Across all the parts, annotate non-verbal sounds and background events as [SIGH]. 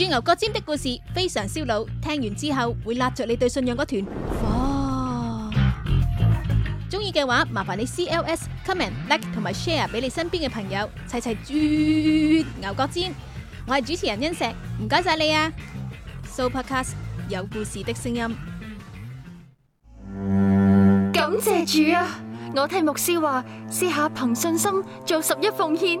鑽牛角尖的故事非常燒腦，聽完之後會拉著你對信仰嗰團火。中意嘅話，麻煩你 CLS、comment、like 同埋 share 俾你身邊嘅朋友，齊齊鑽牛角尖。我係主持人恩石，唔該晒你啊！Sooopodcast 有故事的聲音，感謝主啊！我聽牧師話，試下憑信心做十一奉獻。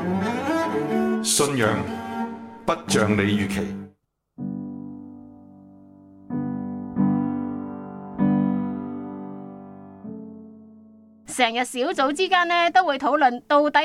信仰不像你預期。成日小組之間呢，都會討論到底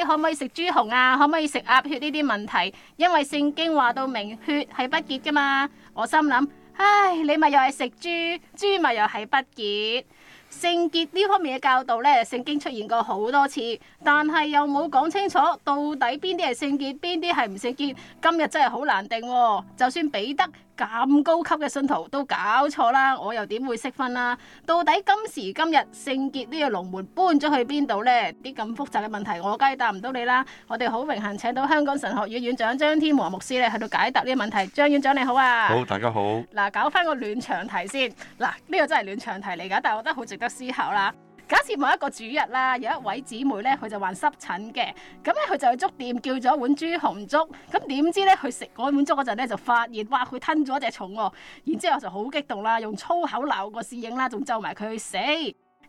聖潔呢方面嘅教導呢，聖經出現過好多次，但係又冇講清楚到底邊啲係聖潔，邊啲係唔聖潔。今日真係好難定喎。哦，就算彼得，咁高級嘅信徒都搞錯啦，我又點會識分啦？到底今時今日聖潔呢個龍門搬咗去邊度呢？啲咁複雜嘅問題我梗係答唔到你啦。我哋好榮幸請到香港神學院院長張天和牧師咧，去到解答呢啲問題。張院長你好啊！好，大家好。嗱，搞返個暖場題先。嗱，呢、這個真係暖場題嚟噶，但係我覺得好值得思考啦。假設某一個主日啦，有一位姊妹咧，佢就患濕疹嘅，咁咧佢就去粥店叫咗一碗豬紅粥，咁點知咧佢食嗰碗粥嗰陣咧就發現，哇！佢吞咗一隻蟲喎，然之後就好激動啦，用粗口鬧個侍應啦，仲咒埋佢去死。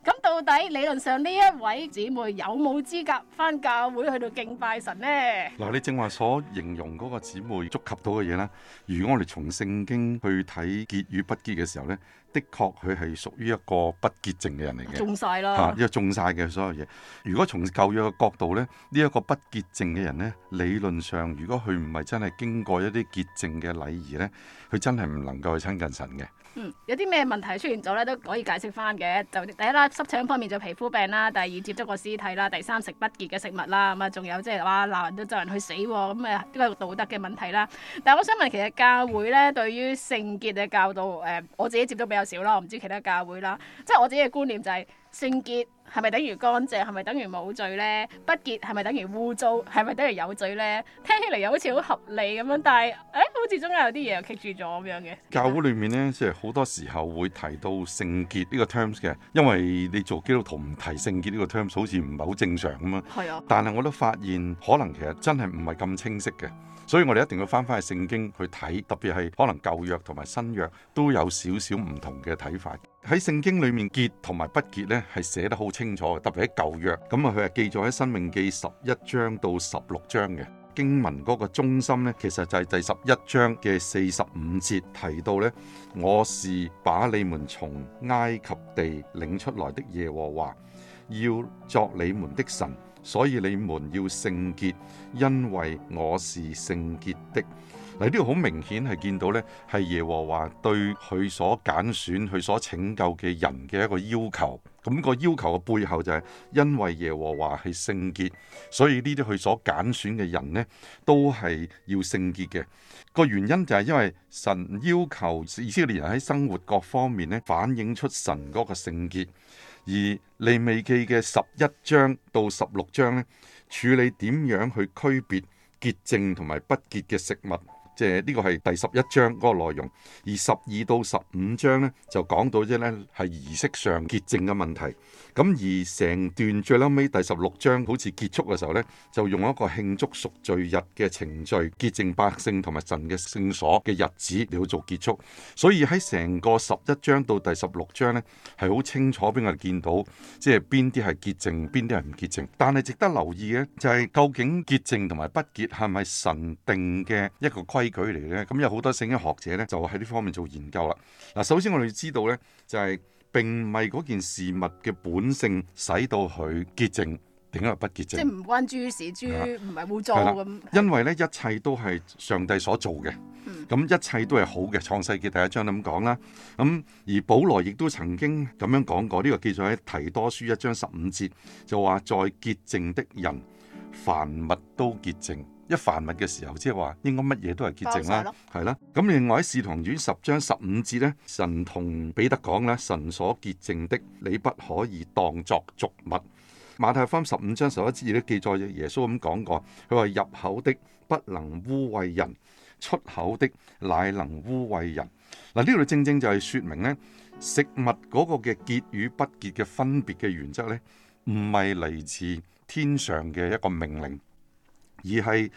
咁到底理論上呢一位姊妹有冇資格返教會去到敬拜神咧？嗱，你正話所形容嗰個姊妹觸及到嘅嘢咧，如果我哋從聖經去睇潔與不潔嘅時候咧，的確佢係屬於一個不潔淨嘅人嚟嘅，中晒因要中晒了嘅、啊、所有嘢。如果從舊約嘅角度咧，呢、這、一個不潔淨嘅人咧，理論上如果佢唔係真係經過一啲潔淨嘅禮儀咧，佢真係唔能夠去親近神嘅。嗯，有啲咩問題出現咗咧，都可以解釋翻嘅。就第一啦，濕疹方面就皮膚病啦；第二接觸過屍體啦；第三食不潔嘅食物啦。咁啊、就是，仲有即係哇鬧人都咒人去死喎、啊，咁啊呢個道德嘅問題啦。但係我想問，其實教會咧對於聖潔嘅教導，誒、呃、我自己接觸到較少啦，我唔知其他教會啦，即係我自己嘅觀念就係聖潔。係咪等於乾淨？係咪等於冇罪咧？不潔係咪等於污糟？係咪等於有罪咧？聽起嚟，又好似好合理咁樣，但係，誒、欸，好似中間有啲嘢又棘住咗咁樣嘅。教會裏面咧，即係好多時候會提到聖潔呢個 terms 嘅，因為你做基督徒唔提聖潔呢個 terms，好似唔係好正常咁啊。係啊的。但係我都發現，可能其實真係唔係咁清晰嘅，所以我哋一定要返返去聖經去睇，特別係可能舊約同埋新約都有少少唔同嘅睇法。喺聖經裏面潔同埋不潔咧，係寫得好清楚的，特別喺舊約咁啊，佢係記載喺《生命記》十一章到十六章嘅經文嗰個中心咧，其實就係第十一章嘅四十五節提到咧，我是把你們從埃及地領出來的耶和華，要作你們的神，所以你們要聖潔，因為我是聖潔的。嗱，呢個好明顯係見到呢係耶和華對佢所揀選、佢所拯救嘅人嘅一個要求。咁個要求嘅背後就係因為耶和華係聖潔，所以呢啲佢所揀選嘅人呢都係要聖潔嘅。個原因就係因為神要求以色列人喺生活各方面呢反映出神嗰個聖潔。而利未記嘅十一章到十六章呢處理點樣去區別潔淨同埋不潔嘅食物。即係呢個係第十一章嗰個內容，而十二到十五章咧就講到即係咧係儀式上潔淨嘅問題。咁而成段最嬲尾第十六章好似結束嘅時候呢，就用一個慶祝贖罪日嘅程序潔淨百姓同埋神嘅聖所嘅日子你嚟做結束。所以喺成個十一章到第十六章呢，係好清楚俾我哋見到，即係邊啲係潔淨，邊啲係唔潔淨。但係值得留意嘅就係、是、究竟潔淨同埋不潔，係咪神定嘅一個規矩嚟咧？咁有好多聖經學者呢，就喺呢方面做研究啦。嗱，首先我哋知道呢就係、是。並唔係嗰件事物嘅本性使到佢潔淨，點解話不潔淨？即係唔關豬屎豬唔係冇做。咁的。因為咧，一切都係上帝所做嘅。咁、嗯、一切都係好嘅。創、嗯、世記第一章咁講啦，咁而保羅亦都曾經咁樣講過，呢、這個記載喺提多書一章十五節，就話在潔淨的人，凡物都潔淨。一凡物嘅時候，即係話應該乜嘢都係潔淨啦，係啦。咁另外喺使徒行傳十章十五節咧，神同彼得講咧，神所潔淨的，你不可以當作俗物。馬太福音十五章十一節都記載耶穌咁講過，佢話入口的不能污穢人，出口的乃能污穢人。嗱，呢度正正就係説明咧食物嗰個嘅潔與不潔嘅分別嘅原則咧，唔係嚟自天上嘅一個命令。而係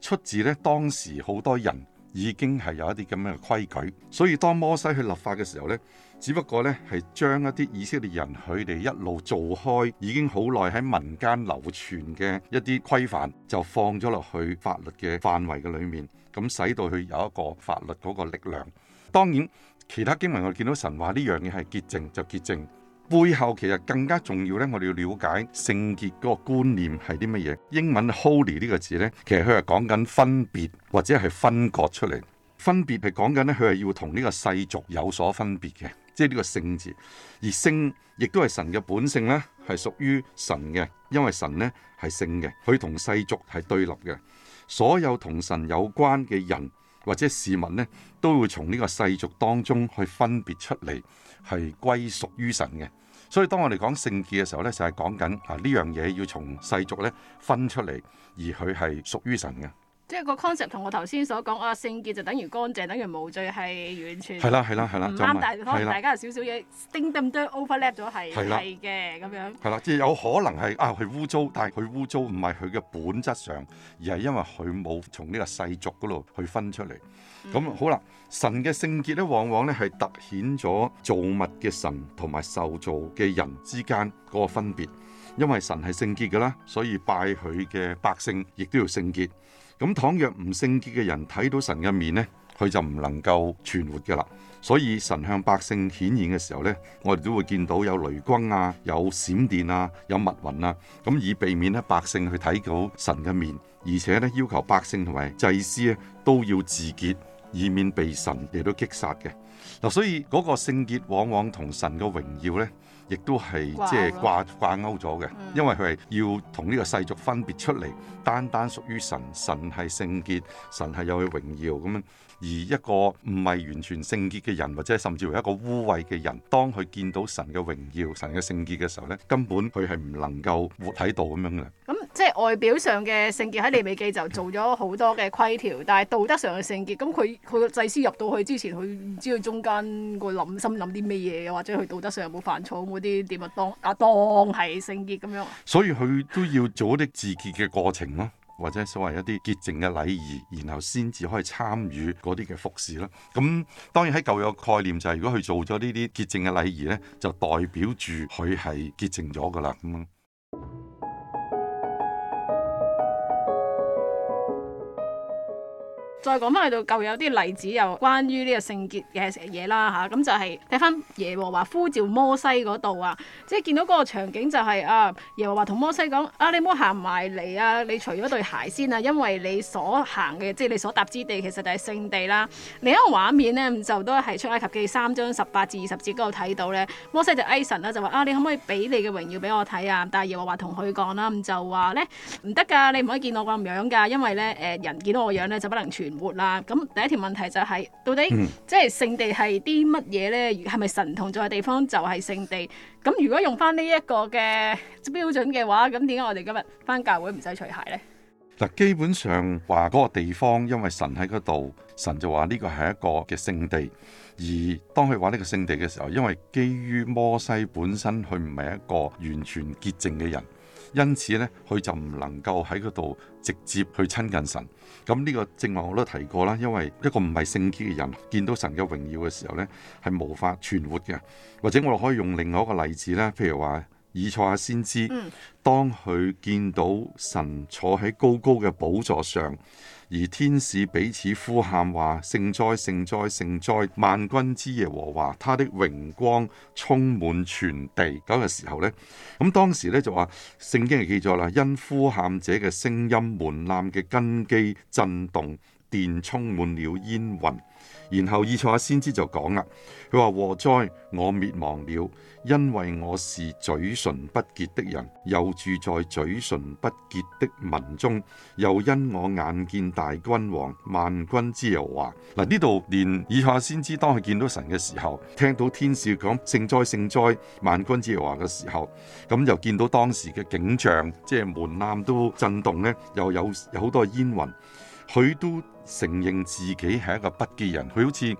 出自咧當時好多人已經係有一啲咁樣嘅規矩，所以當摩西去立法嘅時候咧，只不過咧係將一啲以色列人佢哋一路做開已經好耐喺民間流傳嘅一啲規範，就放咗落去法律嘅範圍嘅裡面，咁使到佢有一個法律嗰個力量。當然，其他經文我見到神話呢樣嘢係潔淨就潔淨。背後其實更加重要咧，我哋要了解聖潔嗰個觀念係啲乜嘢。英文 holy 呢個字咧，其實佢係講緊分別或者係分割出嚟。分別係講緊咧，佢係要同呢個世俗有所分別嘅，即係呢個聖字。而聖亦都係神嘅本性咧，係屬於神嘅，因為神咧係聖嘅，佢同世俗係對立嘅。所有同神有關嘅人或者市民咧，都會從呢個世俗當中去分別出嚟，係歸屬於神嘅。所以當我哋講聖潔嘅時候呢，就係講緊啊呢樣嘢要從世俗呢分出嚟，而佢係屬於神嘅。即係個 concept 同我頭先所講啊，聖潔就等於乾淨，等於無罪，係完全係啦係啦係啦，啱，但可能大家有少少嘢 do overlap 咗係係嘅咁樣係啦，即係有可能係啊佢污糟，但係佢污糟唔係佢嘅本質上，而係因為佢冇從呢個世俗嗰度去分出嚟。咁、嗯、好啦，神嘅聖潔咧，往往咧係突顯咗造物嘅神同埋受造嘅人之間嗰個分別，因為神係聖潔嘅啦，所以拜佢嘅百姓亦都要聖潔。咁倘若唔聖潔嘅人睇到神嘅面呢，佢就唔能夠存活嘅啦。所以神向百姓顯現嘅時候呢，我哋都會見到有雷光啊，有閃電啊，有密雲啊。咁以避免呢百姓去睇到神嘅面，而且呢要求百姓同埋祭司呢都要自潔，以免被神嚟都擊殺嘅。所以嗰個聖潔往往同神嘅榮耀呢。亦都係即係掛掛勾咗嘅，因為佢係要同呢個世俗分別出嚟，單單屬於神。神係聖潔，神係有佢榮耀咁樣。而一個唔係完全聖潔嘅人，或者甚至乎一個污穢嘅人，當佢見到神嘅榮耀、神嘅聖潔嘅時候咧，根本佢係唔能夠活喺度咁樣嘅。咁即係外表上嘅聖潔喺利未記就做咗好多嘅規條，但係道德上嘅聖潔，咁佢佢個祭司入到去之前，佢唔知佢中間個諗心諗啲咩嘢嘅，或者佢道德上有冇犯錯啲點啊？當啊，當係聖潔咁樣，所以佢都要做一啲自潔嘅過程咯，或者所謂一啲潔淨嘅禮儀，然後先至可以參與嗰啲嘅服侍咯。咁當然喺舊有概念就係，如果佢做咗呢啲潔淨嘅禮儀咧，就代表住佢係潔淨咗噶啦咁咯。再講翻去到舊有啲例子又，又關於呢個聖潔嘅嘢啦嚇，咁、啊、就係睇翻耶和華呼召摩西嗰度啊，即係見到嗰個場景就係、是、啊耶和華同摩西講啊，你唔好行埋嚟啊，你除咗對鞋先啊，因為你所行嘅即係你所踏之地其實就係聖地啦。另一個畫面呢，就都係出埃及記三章十八至二十節嗰度睇到呢。摩西就哀神啦，就話啊，你可唔可以俾你嘅榮耀俾我睇啊？但係耶和華同佢講啦，咁、啊、就話咧唔得噶，你唔可以見我個咁樣噶，因為咧誒人見到我樣咧就不能存活啦，咁第一條問題就係到底即係聖地係啲乜嘢呢？係咪神同在嘅地方就係聖地？咁如果用翻呢一個嘅標準嘅話，咁點解我哋今日翻教會唔使除鞋呢？嗱，基本上話嗰個地方因為神喺嗰度，神就話呢個係一個嘅聖地。而當佢話呢個聖地嘅時候，因為基於摩西本身佢唔係一個完全潔淨嘅人。因此咧，佢就唔能夠喺嗰度直接去親近神。咁呢個正話我都提過啦，因為一個唔係聖潔嘅人，見到神嘅榮耀嘅時候咧，係無法存活嘅。或者我哋可以用另外一個例子咧，譬如話。以坐下先知，當佢見到神坐喺高高嘅寶座上，而天使彼此呼喊話：聖哉聖哉聖哉萬軍之耶和華，他的榮光充滿全地。咁嘅時候咧，咁當時咧就話聖經係記載啦。因呼喊者嘅聲音，門檻嘅根基震動，電充滿了煙雲。然後以賽亞先知就講啊，佢話，禍哉我滅亡了，因為我是嘴唇不潔的人，又住在嘴唇不潔的民中，又因我眼見大君王萬軍之耶和華。嗱，呢度連以賽亞先知當佢見到神嘅時候，聽到天使講聖哉聖哉萬軍之耶和華嘅時候，咁又見到當時嘅景象，即係門檻都震動呢，又有好多煙雲。佢都承認自己係一個不潔人，佢好似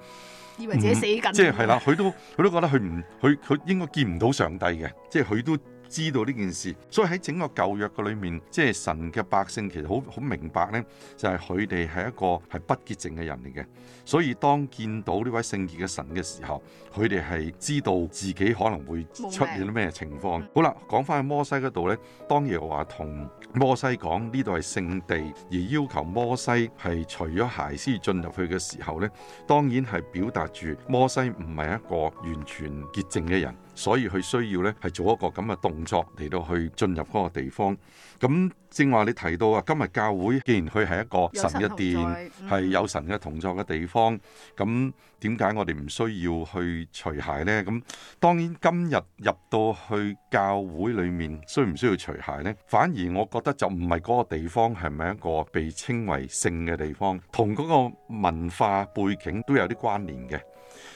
以為自己死緊。即係係啦，佢都佢都覺得佢唔佢佢應該見唔到上帝嘅，即係佢都知道呢件事，所以喺整個舊約嘅裏面，即係神嘅百姓其實好好明白呢，就係佢哋係一個係不潔淨嘅人嚟嘅。所以當見到呢位聖潔嘅神嘅時候，佢哋係知道自己可能會出現咩情況命。好啦，講翻去摩西嗰度呢，當耶和華同摩西講呢度係聖地，而要求摩西係除咗鞋先進入去嘅時候呢，當然係表達住摩西唔係一個完全潔淨嘅人。所以佢需要咧，係做一個咁嘅動作嚟到去進入嗰個地方。咁正話你提到啊，今日教會，既然佢係一個神嘅殿，係有神嘅同,、嗯、同在嘅地方，咁點解我哋唔需要去除鞋呢？咁當然今日入到去教會裏面，需唔需要除鞋呢？反而我覺得就唔係嗰個地方，係咪一個被稱為聖嘅地方，同嗰個文化背景都有啲關聯嘅。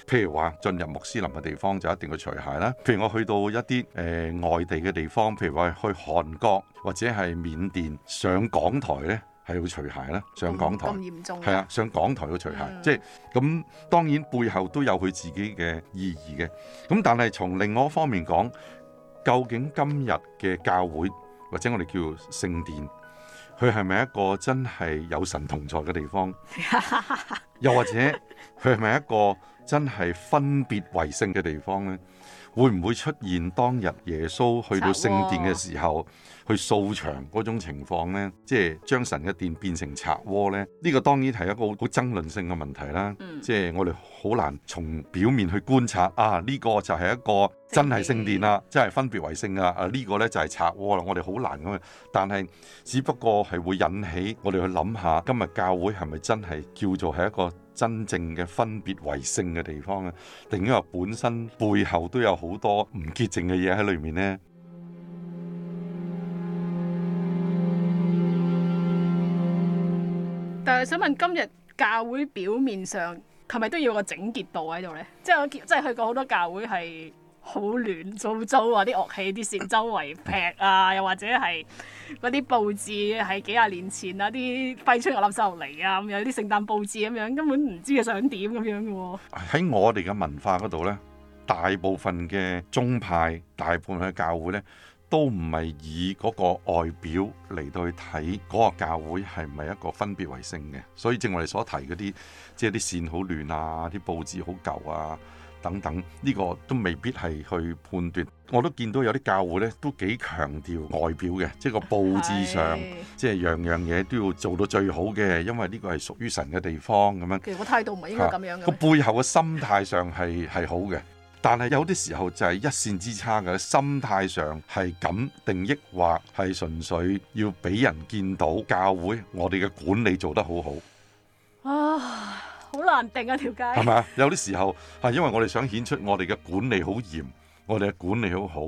譬如話進入穆斯林嘅地方就一定要除鞋啦。譬如我去到一啲誒、呃、外地嘅地方，譬如話去韓國或者係緬甸上港台咧，係要除鞋啦。上港台咁嚴重係、嗯、啊，上港台要除鞋，嗯、即係咁。當然背後都有佢自己嘅意義嘅。咁但係從另外一方面講，究竟今日嘅教會或者我哋叫做聖殿，佢係咪一個真係有神同在嘅地方？又或者佢係咪一個？真係分別為聖嘅地方呢？會唔會出現當日耶穌去到聖殿嘅時候去掃場嗰種情況呢？即係將神嘅殿變成賊窩呢？呢、這個當然係一個好爭論性嘅問題啦。嗯、即係我哋好難從表面去觀察啊！呢、這個就係一個真係聖殿啦、啊，真係分別為聖啊！啊呢、這個呢就係賊窩啦！我哋好難咁樣，但係只不過係會引起我哋去諗下，今日教會係咪真係叫做係一個？真正嘅分別為聖嘅地方咧，定係話本身背後都有好多唔潔淨嘅嘢喺裏面呢？但係想問，今日教會表面上係咪都要個整潔度喺度呢？即係我見，即係去過好多教會係。好亂糟糟啊！啲樂器啲線周圍劈啊，又或者係嗰啲佈置喺幾廿年前啊，啲廢出嚟垃圾嚟啊，咁有啲聖誕佈置咁、啊、樣，根本唔知佢想點咁樣嘅喎、啊。喺我哋嘅文化嗰度呢，大部分嘅宗派、大部分嘅教會呢，都唔係以嗰個外表嚟到去睇嗰個教會係唔係一個分別為聖嘅，所以正我哋所提嗰啲，即係啲線好亂啊，啲佈置好舊啊。等等呢、呢個都未必係去判斷，我都見到有啲教會呢，都幾強調外表嘅，即係個佈置上，是即係樣樣嘢都要做到最好嘅，因為呢個係屬於神嘅地方咁樣。其實個態度唔係應該咁樣嘅。個、啊、背後嘅心態上係係好嘅，但係有啲時候就係一線之差嘅，心態上係咁定抑或係純粹要俾人見到教會我哋嘅管理做得好好。啊！好難定啊，條界係咪，有啲時候係因為我哋想顯出我哋嘅管理好嚴，我哋嘅管理好好，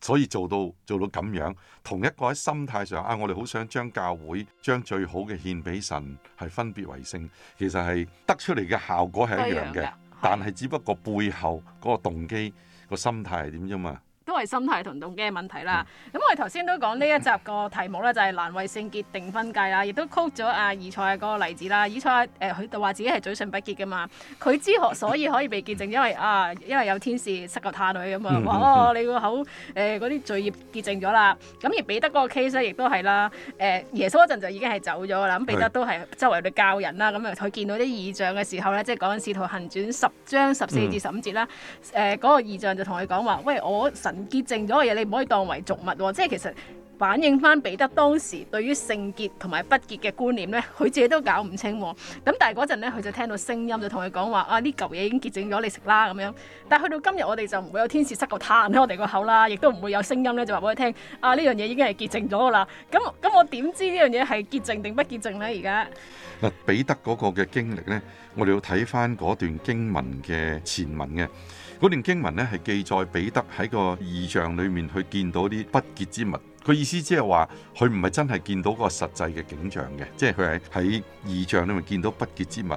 所以做到做到咁樣。同一個喺心態上啊，我哋好想將教會，將最好嘅獻俾神，係分別為聖。其實係得出嚟嘅效果係一樣嘅，樣，但係只不過背後嗰個動機、個心態係點啫嘛。都係心態同動機嘅問題啦。咁我哋頭先都講呢一集個題目咧，就係、是、難為聖潔定分界啦。亦都 quote 咗阿以賽嗰個例子啦。以賽誒，佢就話自己係嘴唇不潔噶嘛。佢之所以可以被潔淨，因為啊，因為有天使塞個炭女咁啊。話哦， [LAUGHS] 你個口誒嗰啲罪孽潔淨咗啦。咁而彼得嗰個 case 亦都係啦。誒、呃，耶穌嗰陣就已經係走咗啦。咁彼得都係周圍去教人啦。咁、嗯、啊，佢見到啲異象嘅時候咧，即係講《使徒行傳》十章十四至十五節啦。誒、 [LAUGHS] 呃，嗰、呃那個異象就同佢講話：喂，我神。潔淨咗嘅嘢，你唔可以當為俗物，哦，即係其實反映翻彼得當時對於聖潔同埋不潔嘅觀念咧，佢自己都搞唔清，哦。咁但係嗰陣咧，佢就聽到聲音，就同佢講話：啊，呢嚿嘢已經潔淨咗，你食啦咁樣。但係去到今日，我哋就唔會有天使塞個炭喺我哋個口啦，亦都唔會有聲音咧，就話俾佢聽：啊，呢樣嘢已經係潔淨咗噶啦。咁咁，我點知呢樣嘢係潔淨定不潔淨咧？而家嗱，彼得嗰個嘅經歷咧，我哋要睇翻嗰段經文嘅前文嘅。嗰段經文咧，係記載彼得喺個異象裏面去見到啲不潔之物，佢意思即係話佢唔係真係見到個實際嘅景象嘅，即係佢係喺異象裏面見到不潔之物。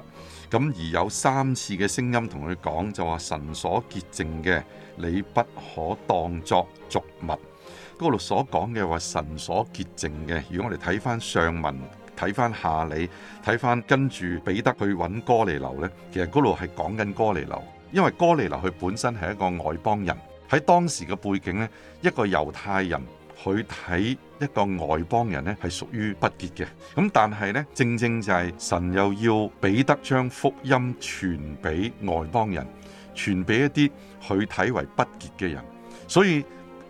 咁而有三次嘅聲音同佢講，就話神所潔淨嘅，你不可當作俗物。嗰度所講嘅話神所潔淨嘅，如果我哋睇翻上文、睇翻下理，睇翻跟住彼得去揾哥尼流呢，其實嗰度係講緊哥尼流。因為哥尼流佢本身係一個外邦人，喺當時嘅背景呢，一個猶太人佢睇一個外邦人呢係屬於不潔嘅。咁但係呢，正正就係神又要彼得將福音傳俾外邦人，傳俾一啲佢睇為不潔嘅人，所以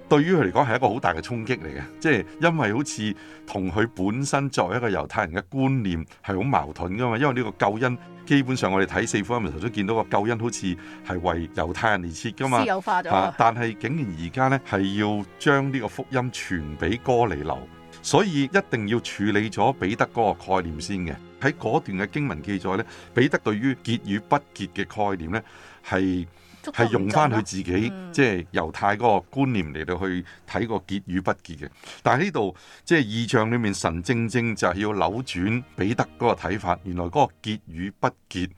對於佢嚟講係一個好大嘅衝擊嚟嘅。即係因為好似同佢本身作為一個猶太人嘅觀念係好矛盾㗎嘛，因為呢個救恩。基本上我哋睇四福音，頭先見到個救恩好似係為猶太人而設噶嘛，但係竟然而家呢，係要將呢個福音傳俾哥尼流，所以一定要處理咗彼得嗰個概念先嘅。喺嗰段嘅經文記載咧，彼得對於潔與不潔嘅概念咧係，係用翻佢自己，嗯、即係猶太嗰個觀念嚟到去睇，嗰個結與不結嘅。但係呢度即係異象裏面，神正正就係要扭轉彼得嗰個睇法。原來嗰、嗰個結與不結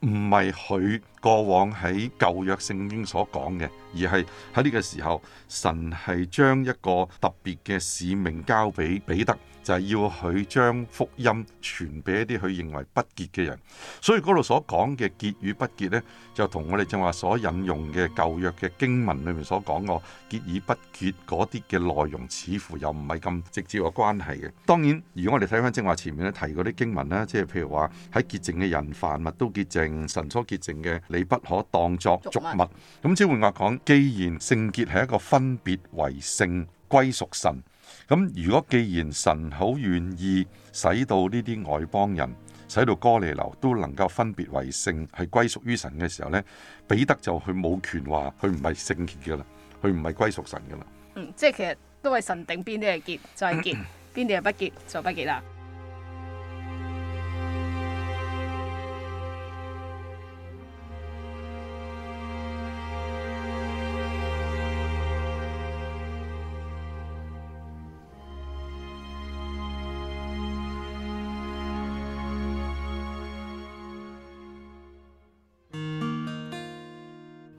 唔係佢過往喺舊約聖經所講嘅，而係喺呢個時候，神係將一個特別嘅使命交俾彼得。就係要佢將福音傳俾一啲佢認為不潔嘅人，所以嗰度所講嘅潔與不潔呢，就同我哋正話所引用嘅舊約嘅經文裏面所講個潔與不潔嗰啲嘅內容，似乎又唔係咁直接嘅關係嘅。當然，如果我哋睇翻正話前面咧提嗰啲經文啦，即係譬如話喺潔淨嘅人，凡物都潔淨，神所潔淨嘅，你不可當作俗物。咁即換話講，既然聖潔係一個分別為聖，歸屬神。咁如果既然神好願意使到呢啲外邦人，使到哥尼流都能夠分別為聖，係歸屬於神嘅時候呢，彼得就佢冇權話佢唔係聖潔嘅啦，佢唔係歸屬神噶啦。嗯，即係其實都係神定邊啲係潔，就係潔；邊啲係不潔，就不潔啦。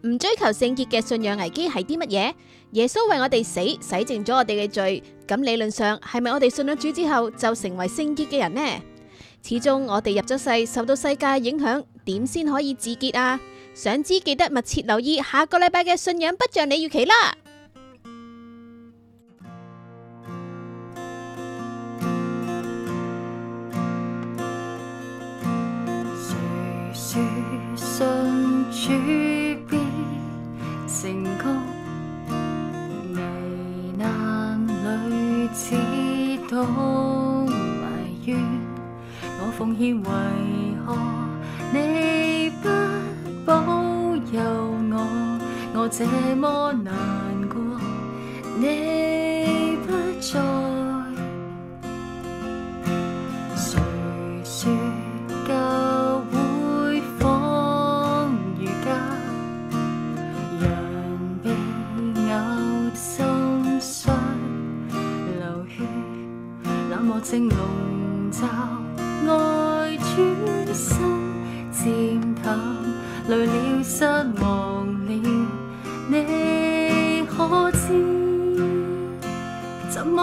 唔追求聖潔嘅信仰危機係啲乜嘢？耶穌為我哋死，洗淨咗我哋嘅罪。咁理論上係咪我哋信咗主之後就成為聖潔嘅人呢？始終我哋入咗世，受到世界影響，點先可以自潔啊？想知記得密切留意下個禮拜嘅信仰不像你預期啦。這麼難過，你不在。誰説教會仿如家，人被咬心傷流血，冷漠正籠罩愛，轉身漸淡，累了失望。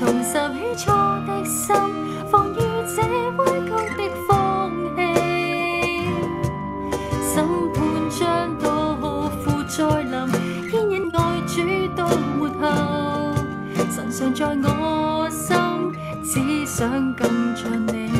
重拾起初的心，防于的放於這彌足的風氣，審判將到父再臨，牽引愛主到末後，神常在我心，只想更像你。